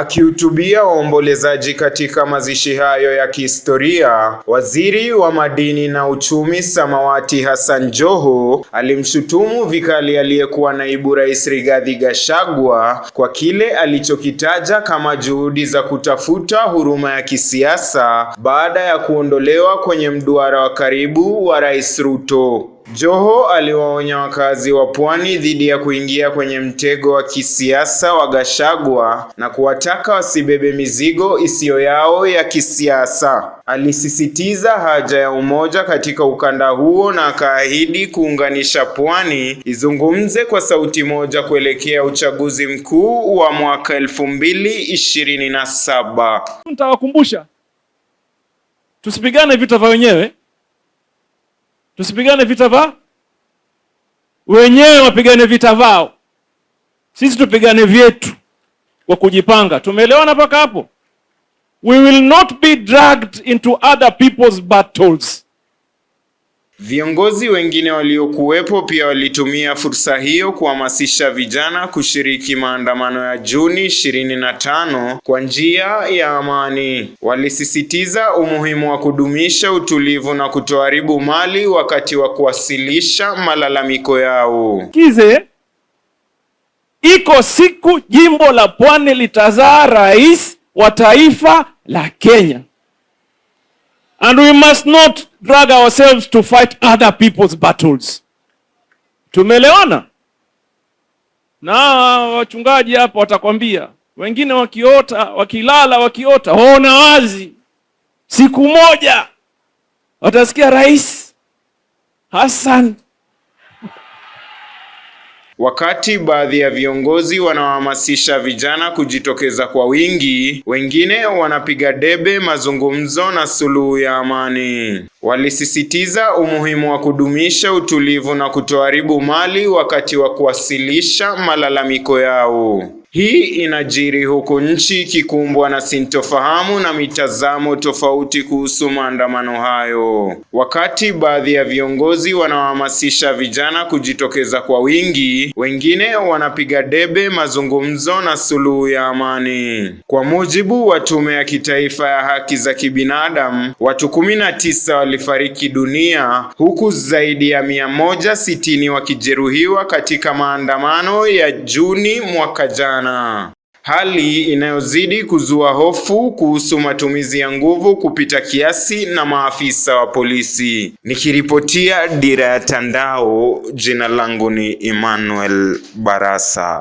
Akihutubia waombolezaji katika mazishi hayo ya kihistoria, waziri wa madini na uchumi Samawati Hassan Joho alimshutumu vikali aliyekuwa naibu rais Rigathi Gachagua kwa kile alichokitaja kama juhudi za kutafuta huruma ya kisiasa baada ya kuondolewa kwenye mduara wa karibu wa Rais Ruto. Joho aliwaonya wakazi wa Pwani dhidi ya kuingia kwenye mtego wa kisiasa wa Gachagua na kuwataka wasibebe mizigo isiyo yao ya kisiasa. Alisisitiza haja ya umoja katika ukanda huo na akaahidi kuunganisha Pwani izungumze kwa sauti moja kuelekea uchaguzi mkuu wa mwaka elfu mbili ishirini na saba. tusipigane vita vya wenyewe Tusipigane vita va wenyewe, wapigane vita vao, sisi tupigane vyetu kwa kujipanga. Tumeelewana mpaka hapo? We will not be dragged into other people's battles. Viongozi wengine waliokuwepo pia walitumia fursa hiyo kuhamasisha vijana kushiriki maandamano ya Juni 25 kwa njia ya amani. Walisisitiza umuhimu wa kudumisha utulivu na kutoharibu mali wakati wa kuwasilisha malalamiko yao. Kize, iko siku jimbo la Pwani litazaa rais wa taifa la Kenya. And we must not drag ourselves to fight other people's battles. Tumelewana na wachungaji hapa watakwambia, wengine wakiota, wakilala, wakiota waona wazi. Siku moja watasikia Rais Hassan Wakati baadhi ya viongozi wanaohamasisha vijana kujitokeza kwa wingi, wengine wanapiga debe mazungumzo na suluhu ya amani. Walisisitiza umuhimu wa kudumisha utulivu na kutoharibu mali wakati wa kuwasilisha malalamiko yao. Hii inajiri huku nchi ikikumbwa na sintofahamu na mitazamo tofauti kuhusu maandamano hayo. Wakati baadhi ya viongozi wanawahamasisha vijana kujitokeza kwa wingi, wengine wanapiga debe mazungumzo na suluhu ya amani. Kwa mujibu wa Tume ya Kitaifa ya Haki za Kibinadamu, watu kumi na tisa walifariki dunia huku zaidi ya mia moja sitini wakijeruhiwa katika maandamano ya Juni mwaka jana sana, hali inayozidi kuzua hofu kuhusu matumizi ya nguvu kupita kiasi na maafisa wa polisi. Nikiripotia Dira ya Tandao, jina langu ni Emmanuel Barasa.